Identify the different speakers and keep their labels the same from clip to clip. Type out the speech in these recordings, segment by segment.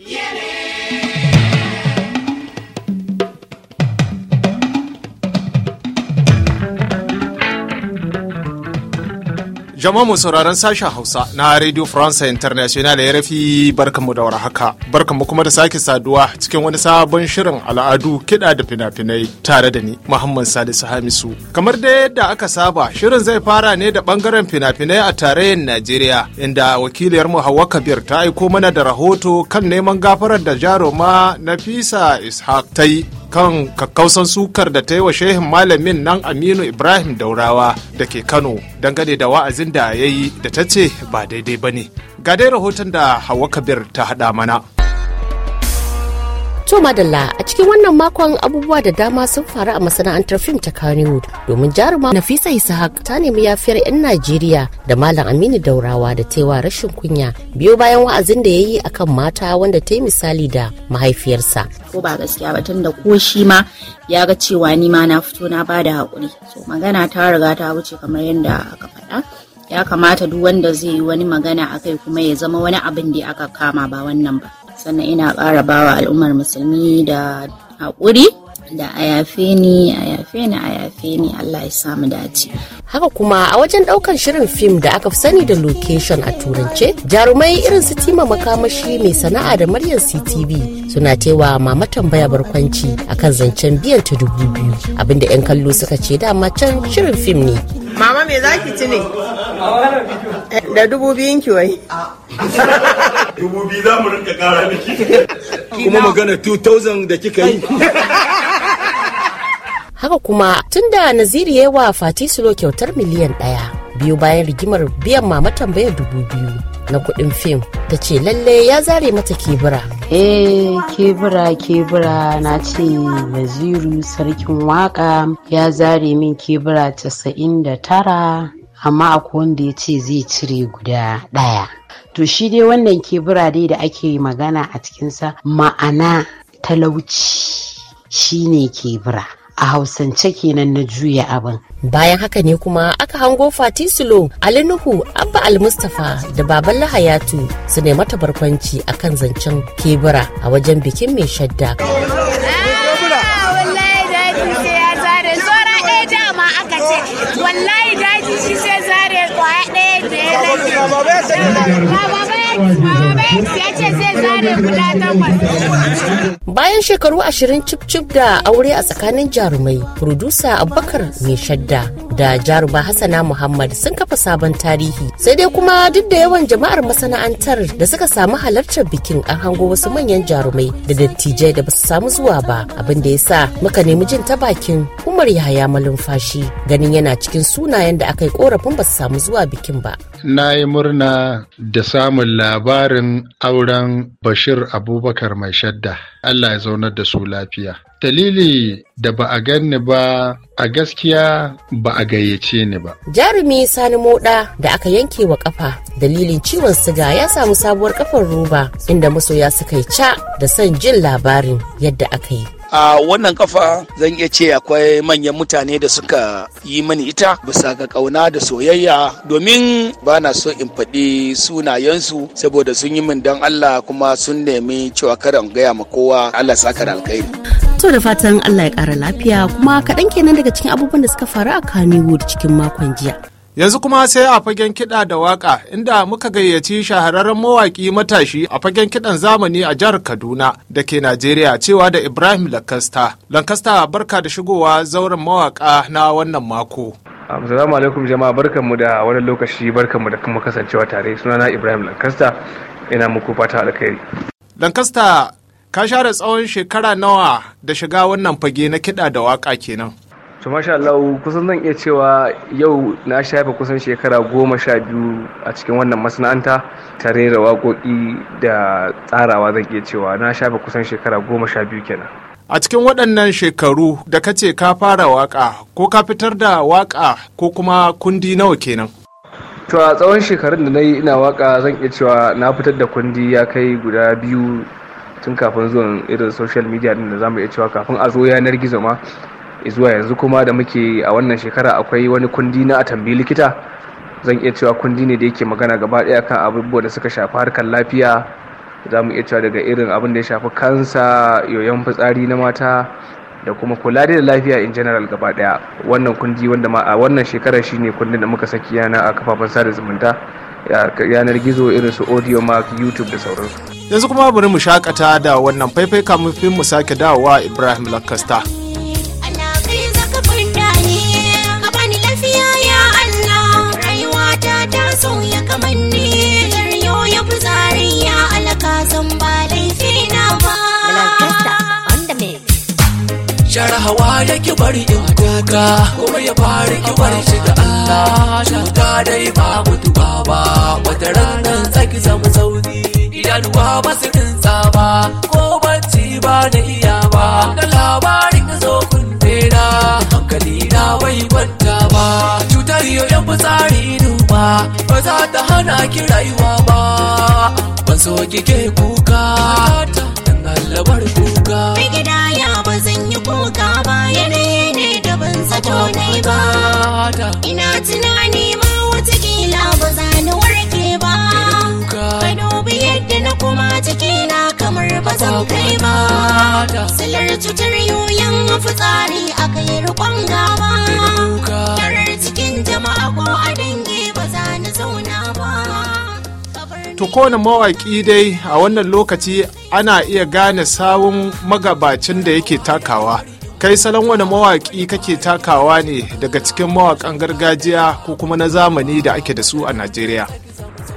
Speaker 1: Yeah, Jama'a mu sauraron sashen Hausa na Radio France International ya rafi barkanmu da warhaka. Barkanmu kuma da sake saduwa cikin wani sabon shirin al'adu kiɗa da fina-finai tare da ni Muhammad Salisu Hamisu. Kamar da yadda aka saba, shirin zai fara ne da bangaren fina-finai a tarayyar Najeriya inda wakiliyar mu Hawwa Kabir ta aiko mana da rahoto kan neman gafarar da jaruma Nafisa Ishaq ta kan kakkausan sukar da ta yi wa shehin malamin nan aminu ibrahim daurawa da ke kano dangane da wa'azin da ya yi da ta ce ba daidai ba ne ga dai rahoton da hawa kabir ta haɗa mana
Speaker 2: To madalla a cikin wannan makon abubuwa da dama sun faru a masana'antar fim ta Kannywood domin jaruma Nafisa Ishaq ta nemi yafiyar 'yan Najeriya da Malam Aminu Daurawa da taiwa rashin kunya biyo bayan wa'azin da ya yi akan mata wanda ta yi misali da mahaifiyarsa. Ko ba gaskiya ba tun da ko shi ma ya ga cewa ni ma na fito na ba da haƙuri. So magana ta riga ta wuce kamar yadda aka faɗa. Ya kamata duk wanda zai yi wani magana akai kuma ya zama wani abin da aka kama ba wannan ba. sannan ina ƙara bawa al'ummar musulmi da haƙuri da ayafe ni ayafe ni ayafe ni Allah ya samu dace. Haka kuma a wajen ɗaukar shirin fim da aka fi sani da location a turance, jarumai irin su tima makamashi mai sana'a da Maryam CTV suna taiwa mama tambaya barkwanci akan zancen biyan ta dubu biyu abinda 'yan kallo suka ce dama can shirin fim ne. Mama me zaki ci ne? da dubu biyun ki wai
Speaker 3: dubu biyu za mu rinka kara miki kuma magana 2000 da kika yi
Speaker 2: haka kuma tunda naziri ya yi wa fati sulo kyautar miliyan ɗaya biyu bayan rigimar biyan mama tambayar dubu biyu na kuɗin fim ta ce lalle ya zare mata kebura eh kebura kebura na ce naziru sarkin waka ya zare min kebura casa'in da tara amma akwai wanda ya ce zai cire guda ɗaya to shi dai wannan kebura dai da ake magana a cikinsa ma'ana talauci shine kebura a hausance kenan na juya abin. Bayan haka ne kuma aka hango Fati Sulo, Ali Nuhu, Abba Almustafa da Baban Lahayatu su ne mata barkwanci kan zancen kebura a wajen bikin mai shadda. Ah,
Speaker 4: wallahi da ya
Speaker 2: ya tare, ce Wallahi vamos a ver, señor. Bayan shekaru ashirin cif da aure a tsakanin jarumai, Furudusa Abubakar mai shadda da jaruma Hassana Muhammad sun kafa sabon tarihi. Sai dai kuma duk da yawan jama'ar masana'antar da suka samu halartar bikin an hango wasu manyan jarumai da dattijai da basu samu zuwa ba, abin da ya sa muka nemi jin ta bakin Umar Yahaya Malumfashi ganin yana cikin sunayen da aka yi korafin basu samu zuwa bikin ba.
Speaker 3: Na yi murna da samun labarin auren Bashir Abubakar Mai Shadda, Allah ya zaunar da su lafiya. dalili da ba a ganni ba a gaskiya ba a gayyace ni ba.
Speaker 2: Jarumi Sani Moda da aka yanke wa kafa dalilin ciwon siga ya samu sabuwar kafar roba inda masoya suka yi ca da son jin labarin yadda aka yi.
Speaker 5: a wannan kafa zan iya ce akwai manyan mutane da suka yi mani ita bisa ga kauna da soyayya domin ba na so in faɗi sunayensu saboda sun yi min don Allah kuma sun nemi cewa karan gaya ma kowa Allah saka da alkhairi.
Speaker 2: To da fatan Allah ya ƙara lafiya kuma kaɗan kenan daga cikin abubuwan da suka faru a Kannywood cikin makon jiya.
Speaker 1: Yanzu kuma sai a fagen kiɗa da waƙa inda muka gayyaci shahararren mawaƙi matashi a fagen kiɗan zamani a jihar Kaduna da ke Najeriya cewa da Ibrahim Lankasta. Lankasta barka da shigowa zauren mawaƙa na wannan mako. Assalamu alaikum jama'a mu da wani lokaci barkan mu da kuma kasancewa tare sunana Ibrahim Lankasta ina muku fata alkhairi. Lankasta ka share tsawon shekara nawa da shiga wannan fage na kiɗa da waƙa kenan
Speaker 5: to masha Allah kusan zan iya cewa yau na shafe kusan shekara goma sha biyu a cikin wannan masana'anta tare da wakoki da tsarawa
Speaker 1: zan iya cewa na shafe kusan shekara goma sha biyu kenan a cikin waɗannan shekaru da ka ce ka fara waƙa ko ka fitar da waƙa ko kuma kundi nawa kenan
Speaker 5: to a tsawon shekarun da na yi ina waƙa zan iya cewa na fitar da kundi ya kai guda biyu tun kafin zuwan irin social media din da zamu iya cewa kafin a zo yanar gizo ma zuwa yanzu kuma da muke a wannan shekara akwai wani kundi na a tambayi likita zan iya cewa kundi ne da yake magana gaba daya kan abubuwa da suka shafi harkar lafiya za mu iya cewa daga irin abin da ya shafi kansa yoyon fitsari na mata da kuma kula da lafiya in general gaba daya wannan kundi wanda ma a wannan shekarar shine kundin da muka saki yana a kafafen sada zumunta yanar gizo irin su audio mark youtube da sauransu yanzu
Speaker 1: kuma bari mu shakata da wannan faifai kamufin mu sake dawowa ibrahim lakasta
Speaker 4: Shara hawa ya ki bari in kuka, kuma ya bari ki bari shiga da Allah, cuta dai babu da iyawa da labarin da zo kunne na hankali na wai banta ba cutar yoyon fitsari duba ba za ta hana ki rayuwa ba ban so kike kuka dan allabar kuka mai gida ya ba zan yi kuka ba yanayi ne da ban zato ne ba ina tunani ma watakila ba za ni warke ba ka dubi yadda na kuma cikina kamar ba zan kai silar cutar a kai rikon gaba Yarar cikin jama'a ko a ba za ni zauna ba
Speaker 1: to kowane mawaƙi dai a wannan lokaci ana iya gane sawun magabacin da yake takawa kai salon wani mawaƙi kake takawa ne daga cikin mawaƙan gargajiya ko kuma na zamani da ake da su a najeriya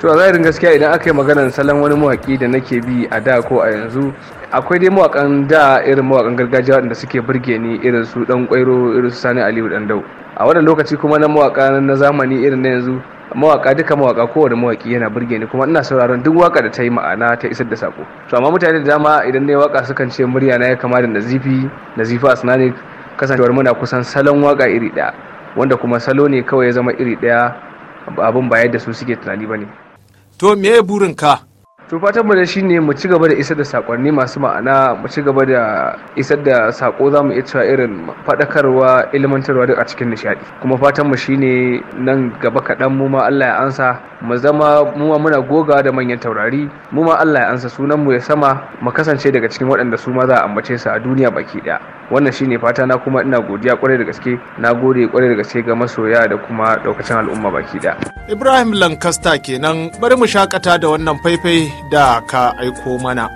Speaker 5: to a zahirin gaskiya idan aka yi maganar salon wani mawaƙi da nake bi a da ko a yanzu akwai dai mawakan da irin mawakan gargajiya waɗanda suke burge ni irin su dan kwairo irin su sani aliyu dan dau a wannan lokaci kuma na mawaka na zamani irin na yanzu mawaka duka mawaka kowane mawaki yana burge ni kuma ina sauraron duk waka da ta yi ma'ana ta isar da sako to amma mutane da dama idan na waka sukan ce murya na ya kama da nazifi nazifa asnanik kasancewar muna kusan salon waka iri daya wanda kuma salo ne kawai ya zama iri daya abin ba yadda su suke tunani ba ne. to me ka. to fatan mu da shi ne mu ci gaba da isar da sakonni masu ma'ana mu ci gaba da isar da sako zamu mu iya cewa irin faɗakarwa ilmantarwa duk a cikin nishaɗi kuma fatan mu shine nan gaba kaɗan mu ma Allah ya ansa mu zama mu ma muna goga da manyan taurari mu ma Allah ya ansa sunan mu ya sama mu kasance daga cikin waɗanda su ma za a ambace su a duniya baki ɗaya wannan shine fata na kuma ina godiya kwarai da gaske na gode kwarai da gaske ga masoya da kuma ɗaukacin al'umma baki ɗaya
Speaker 1: Ibrahim Lancaster kenan bari mu shakata da wannan faifai da ka aiko mana.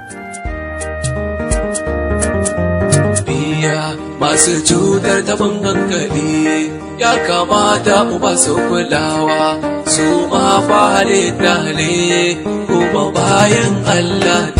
Speaker 1: Biya masu
Speaker 4: cutar taɓin hankali ya kamata mu ba su kulawa su
Speaker 6: ma fa halitta
Speaker 4: ne kuma bayan Allah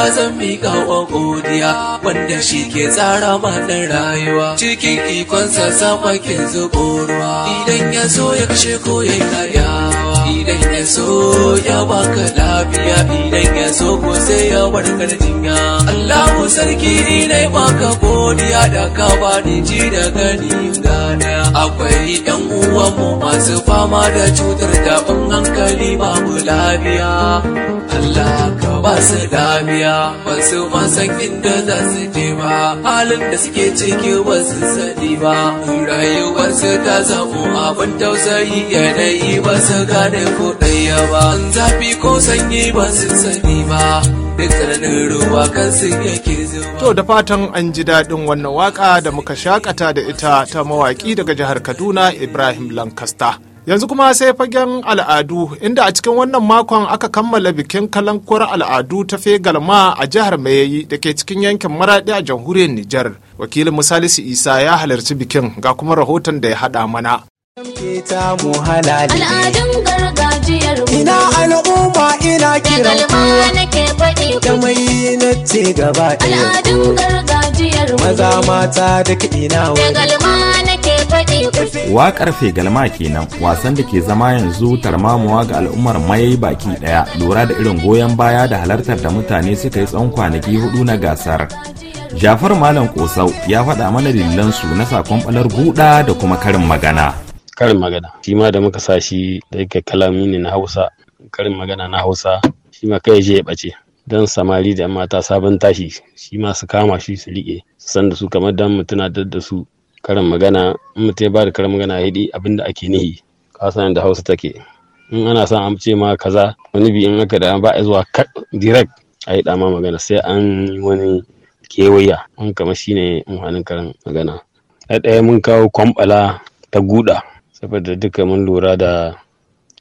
Speaker 4: Allah zan miƙa wa godiya wanda shi ke tsara mana rayuwa cikin ikonsa sama ke zubo ruwa idan ya so ya kashe ko ya karyawa idan ya so ya baka lafiya idan ya so ko sai ya da jinya Allahu sarki ni ne maka godiya da ka ni ji da gani gada akwai yan uwanmu masu fama da cutar tabin hankali babu lafiya Allah ka ba su damiya ba su ma san inda za su je ba halin da suke ciki ba su sani ba rayuwar su ta zamo abin tausayi yanayi ba su gane ko ɗaya ba zafi ko sanyi ba su sani ba duk tsananin ruwa kan su yake
Speaker 1: zuwa. To da fatan an ji daɗin wannan waka da muka shakata da ita ta mawaki daga jihar Kaduna Ibrahim Lancaster. yanzu kuma sai fagen al'adu inda a cikin wannan makon aka kammala bikin kalankuwar al'adu ta fegalma a jihar mayayi da ke cikin yankin maraɗi a jamhuriyar nijar wakilin misalisu isa ya halarci bikin ga kuma rahoton da ya haɗa mana
Speaker 4: al'adun gargajiyar ina al'umma
Speaker 2: ina maza
Speaker 7: mata
Speaker 3: da kiɗi na
Speaker 2: wani
Speaker 3: Waƙar Fegalma kenan wasan da ke zama yanzu tarmamuwa ga al'ummar mai baki ɗaya lura da irin goyon baya da halartar da mutane suka yi tsawon kwanaki hudu na gasar. Jafar Malam Kosau ya faɗa mana lillansu na sakon ɓalar buɗa da kuma karin magana.
Speaker 8: Karin magana, shi ma da muka sa shi daga kalami ne na Hausa, karin magana na Hausa, shi ma kai je ya ɓace. don samari da mata sabon tashi shi ma su kama shi su riƙe su san da su kamar dan mutuna da su karin magana in mutum ya bada karin magana hidi abinda ake nihi kasan da hausa take in ana son an ce ma kaza wani bi in aka da ba a zuwa kat, direct a yi dama magana sai an yi wani kewaya an kama shine muhanin karin magana a ɗaya mun kawo kwambala ta guda saboda duka mun lura da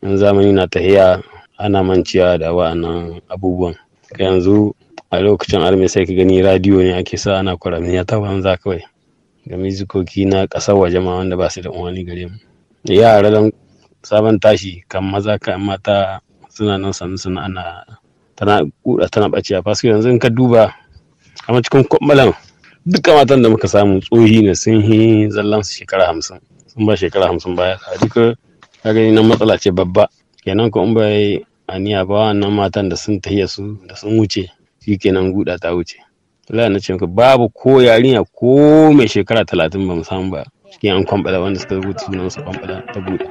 Speaker 8: in zamani na tahiya ana manciya da wa'annan abubuwan yanzu a lokacin armi sai ka gani radiyo ne ake sa ana ya ta za kawai da mizikoki na ƙasar waje ma wanda ba su da umarni gare mu yara don sabon tashi kan maza kan mata suna nan sannu suna ana tana kuda tana a fasu yanzu in ka duba a cikin kwamalan duka matan da muka samu tsohi ne sun yi zallan su shekara hamsin sun ba shekara hamsin baya a duka ka gani nan matsala ce babba kenan ko in bai aniya ba wannan matan da sun tahiya su da sun wuce shi kenan guda ta wuce wallahi na ce maka babu ko yarinya ko mai shekara talatin ba mu samu ba cikin an kwamfada wanda suka rubuta sunan su kwamfada
Speaker 5: ta buɗe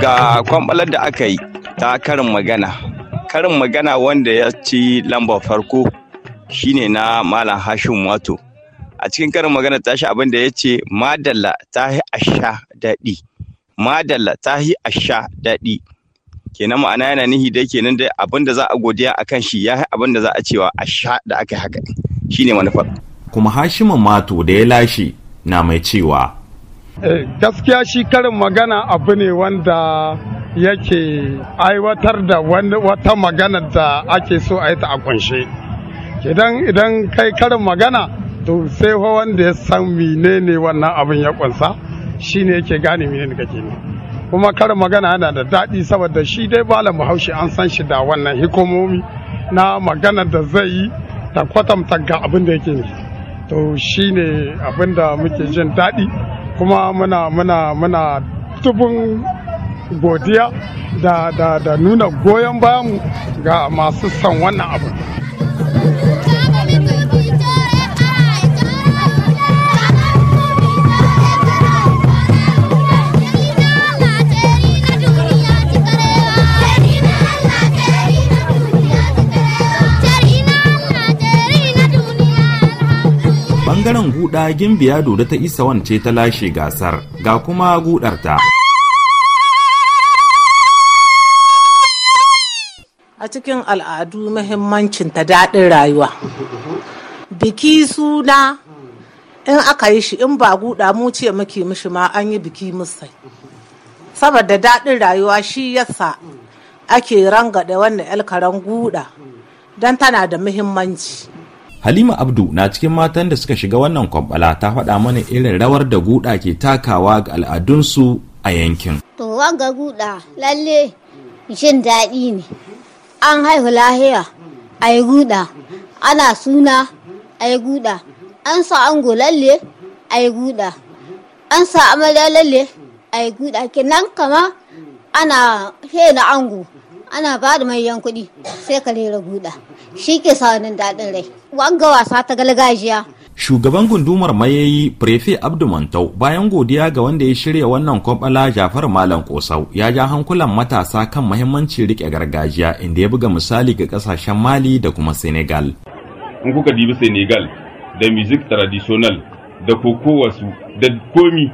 Speaker 3: ga kwambalar da aka yi ta karin magana karin magana wanda ya ci lambar farko shine na malam hashim wato a cikin karin magana tashi abin da ya ce madalla ta yi sha daɗi madalla ta yi sha daɗi kenan ma'ana yana nihi dai kenan da abin da za a godiya a kan shi ya yi abin za a cewa a sha da aka haka shine manufar kuma hashimin mato da ya lashe na mai cewa eh, gaskiya shi karin magana
Speaker 8: abu ne wanda yake aiwatar da wata magana da ake so a yi ta a kunshe idan idan kai karin magana to sai fa wanda ya san menene wannan abin ya kunsa shine yake gane menene kake ne kuma karin magana yana da daɗi saboda shi dai malam bahaushe an san shi da wannan hikomomi na magana da zai yi ta kwatanta ga abin da yake ne to shine abin da muke jin daɗi kuma muna muna muna tubun godiya da, da, da nuna goyon bayanmu ga masu san wannan abin.
Speaker 3: bangaren guda gimbiya dodo ta isa wance ta lashe gasar ga kuma gudarta a cikin
Speaker 2: al'adu mahimmancin ta daɗin rayuwa biki suna in aka yi shi in ba guda mu ce muke mishi ma an yi biki musai saboda daɗin rayuwa shi yasa ake rangada wannan 'yar karen guda don tana da muhimmanci
Speaker 3: halima abdu na cikin matan da suka shiga wannan kwambala ta faɗa mana irin rawar da guda ke takawa ga al'adunsu a yankin
Speaker 8: to ga guda lalle jin daɗi ne an haihu lahiya a yi guda ana suna a yi guda an sa ango lalle a yi guda an sa amarya lalle a yi guda kenan kama ana na ango ana ba da manyan kuɗi sai ka rera guda shi ke sa daɗin rai wanga wasa ta galgajiya
Speaker 3: shugaban gundumar mayayi prefe abdu mantau bayan godiya ga wanda ya shirya wannan kwabala jafar malam kosau ya ja hankulan matasa kan mahimmanci rike gargajiya inda ya buga misali ga kasashen mali da kuma senegal in kuka dibi senegal da music traditional da kokowasu da komi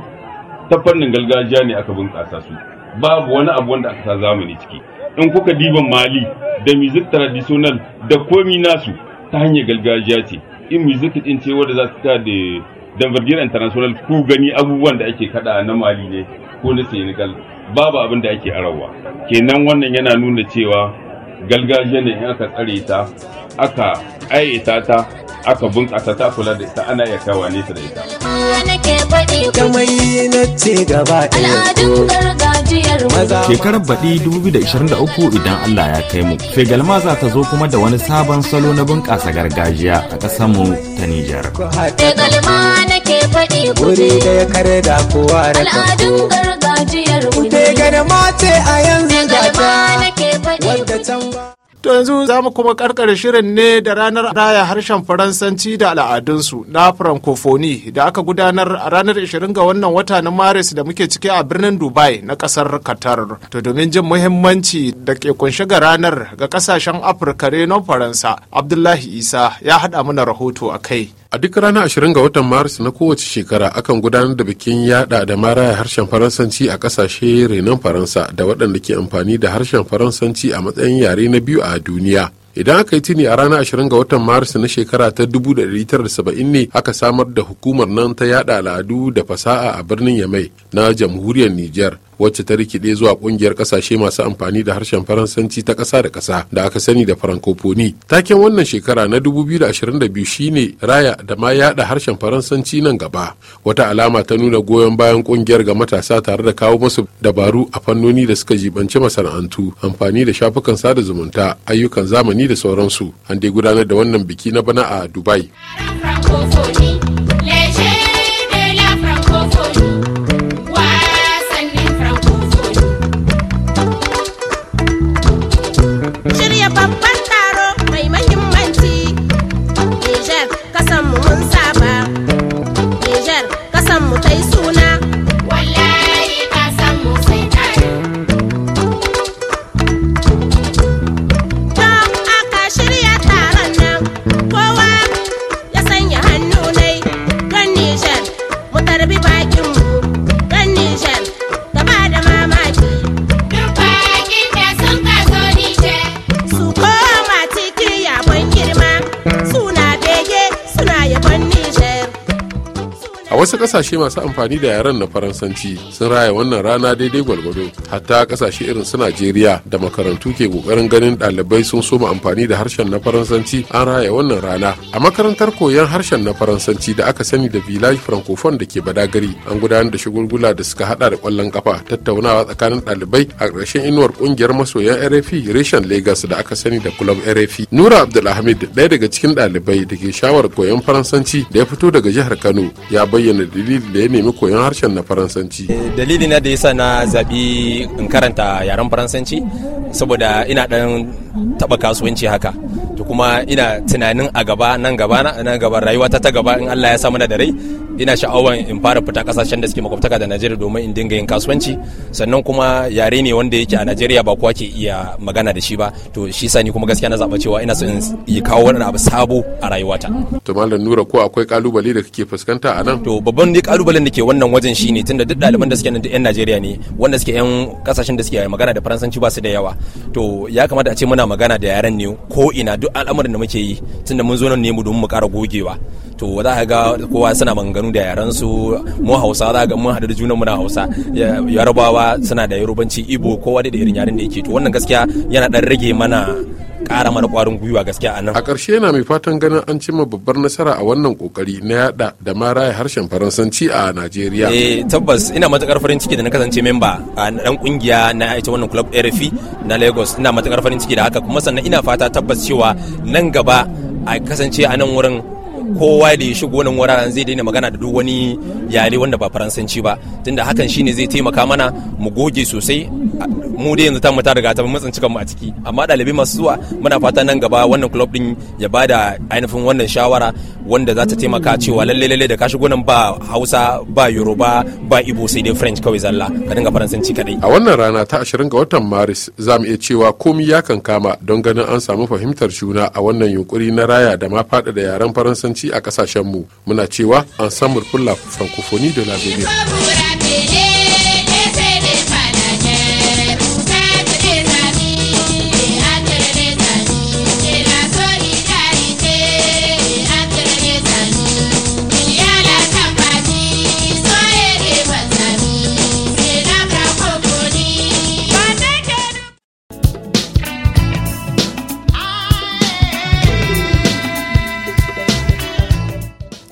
Speaker 3: ta fannin gargajiya ne aka bunƙasa su babu wani abu wanda aka sa zamani ciki in kuka diban mali da music traditional da komi nasu ta hanyar gargajiya ce in music din ce wanda za su ta da danvergiyar international ku gani abubuwan da ake kada na mali ne ko na senegal babu abin da ake arawa kenan wannan yana nuna cewa galgajiya ne in aka tsare ta aka ayyata ta aka bunƙasa ta kula da ita ana iya kawa nesa da ita. Shekarar baɗi 2023 idan Allah ya kai mu, Fegalma za ta zo kuma da wani sabon salo na bunƙasa gargajiya a ƙasar mu ta Nijar.
Speaker 2: Fegalma eh, nake faɗi kuɗi. Wuri da
Speaker 7: ya kare da kowa da Al'adun
Speaker 2: gargajiyar mu. garma ce a yanzu gata wadda can ba.
Speaker 1: To yanzu za mu kuma karkare shirin ne da ranar raya harshen Faransanci da al'adunsu na Francophonie da aka gudanar a ranar 20 ga wannan wata na Maris da muke ciki a birnin Dubai na kasar Qatar. To domin jin muhimmanci da ke kunshi ga ranar ga kasashen Afirka
Speaker 6: renon Faransa, Abdullahi Isa ya haɗa mana rahoto a kai. A duk rana 20 ga watan Maris na kowace shekara akan gudanar da bikin yada da maraya harshen Faransanci a kasashe renon Faransa da waɗanda ke amfani da harshen Faransanci a matsayin yare na biyu a duniya. idan aka yi tuni a rana 20 ga watan maris na shekara ta 1970 ne aka samar da hukumar nan ta yada al'adu da fasaha a birnin yamai na jamhuriyar nijar wacce ta rikide zuwa kungiyar kasashe masu amfani da harshen faransanci ta ƙasa da ƙasa da aka sani da farankofoni taken wannan shekara na 2022 shine raya da ma yada harshen faransanci nan gaba wata alama ta nuna goyon bayan kungiyar ga matasa tare da kawo musu dabaru a fannoni da suka jibanci masana'antu amfani da shafukan sada zumunta ayyukan zamani da sauransu an dai gudanar da wannan biki na bana a dubai kasashe masu amfani da yaren na faransanci sun raya wannan rana daidai gwalgwado hatta kasashe irin su najeriya da makarantu ke kokarin ganin dalibai sun soma amfani da harshen na faransanci an raya wannan rana a makarantar koyon harshen na faransanci da aka sani da village francophone da ke badagari an gudanar da shagulgula da suka hada da kwallon kafa tattaunawa tsakanin dalibai a ƙarshen inuwar ƙungiyar masoyan rfi reshen lagos da aka sani da club rfi nura abdulhamid ɗaya daga cikin dalibai da ke shawar koyon faransanci da ya fito daga jihar kano ya bayyana dalilin da ya nemi koyon harshen na faransanci eh,
Speaker 7: dalili na da yasa na zaɓi in karanta yaren faransanci saboda ina ɗan taba kasuwanci haka to kuma ina tunanin a gaba nan gaba nan gaba rayuwa ta ta gaba in Allah ya sa mana da rai ina sha'awar in fara fita kasashen da suke makwabtaka da Najeriya domin in dinga yin kasuwanci sannan kuma yare ne wanda yake a Najeriya ba kowa ke iya magana da shi ba to shi sa ni kuma gaskiya na zaba cewa ina so in yi kawo wani abu sabo a rayuwata
Speaker 6: to malam Nura ko akwai kalubale da kake
Speaker 7: fuskanta a nan to babban ne kalubalen da ke wannan wajen shine tunda duk daliban da suke nan yan Najeriya ne wanda suke yan kasashen da suke magana da faransanci ba su da yawa to ya kamata a ce muna magana da yaren ne ko ina duk al'amarin da muke yi tunda mun zo nan ne mu domin mu ƙara gogewa to za ka ga kowa suna manganu da yaren su mu hausa za ga mun haɗu da junan mu na hausa yarabawa suna da yarubanci ibo kowa da irin yaren da yake to wannan gaskiya yana ɗan rage mana kara mana
Speaker 6: kwarin gwiwa gaskiya a nan a ƙarshe yana mai fatan ganin an cimma babbar nasara a wannan kokari na yada da ma raya harshen faransanci a najeriya eh
Speaker 7: tabbas ina matukar farin ciki da na kasance memba a dan kungiya na ita wannan club rfi na lagos ina matukar farin ciki da haka kuma sannan ina fata tabbas cewa nan gaba a kasance a nan wurin kowa da ya shigo wannan wuraren zai daina magana da duk wani yare wanda ba faransanci ba tunda hakan shine zai taimaka mana mu goge sosai mu da yanzu ta mu ta riga ta mu tsinci kanmu a ciki amma dalibi masu zuwa muna fata nan gaba wannan club din ya bada ainihin wannan shawara wanda za ta taimaka cewa lalle lalle da ka shigo nan ba Hausa ba Yoruba ba Igbo sai dai French kawai zalla ka dinga faransanci kadai
Speaker 6: a wannan rana ta 20 ga watan Maris za mu iya cewa komai ya kankama don ganin an samu fahimtar juna a wannan yunkuri na raya da ma faɗaɗa yaren faransanci Faransanci a mu muna cewa an pour la francophonie de l'avenir.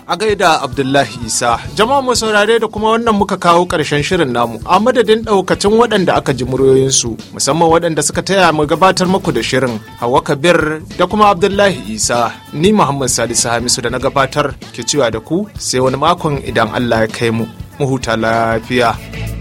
Speaker 1: a gaida Abdullahi Isa. Jama'a mu saurare da kuma wannan muka kawo karshen shirin namu a madadin ɗaukacin waɗanda aka ji muryoyinsu musamman waɗanda suka taya mu gabatar muku da shirin Hawa Kabir da kuma Abdullahi Isa. Ni Muhammad Salisu Hamisu da na gabatar ke cewa da ku sai wani makon idan Allah ya kai mu. Mu huta lafiya.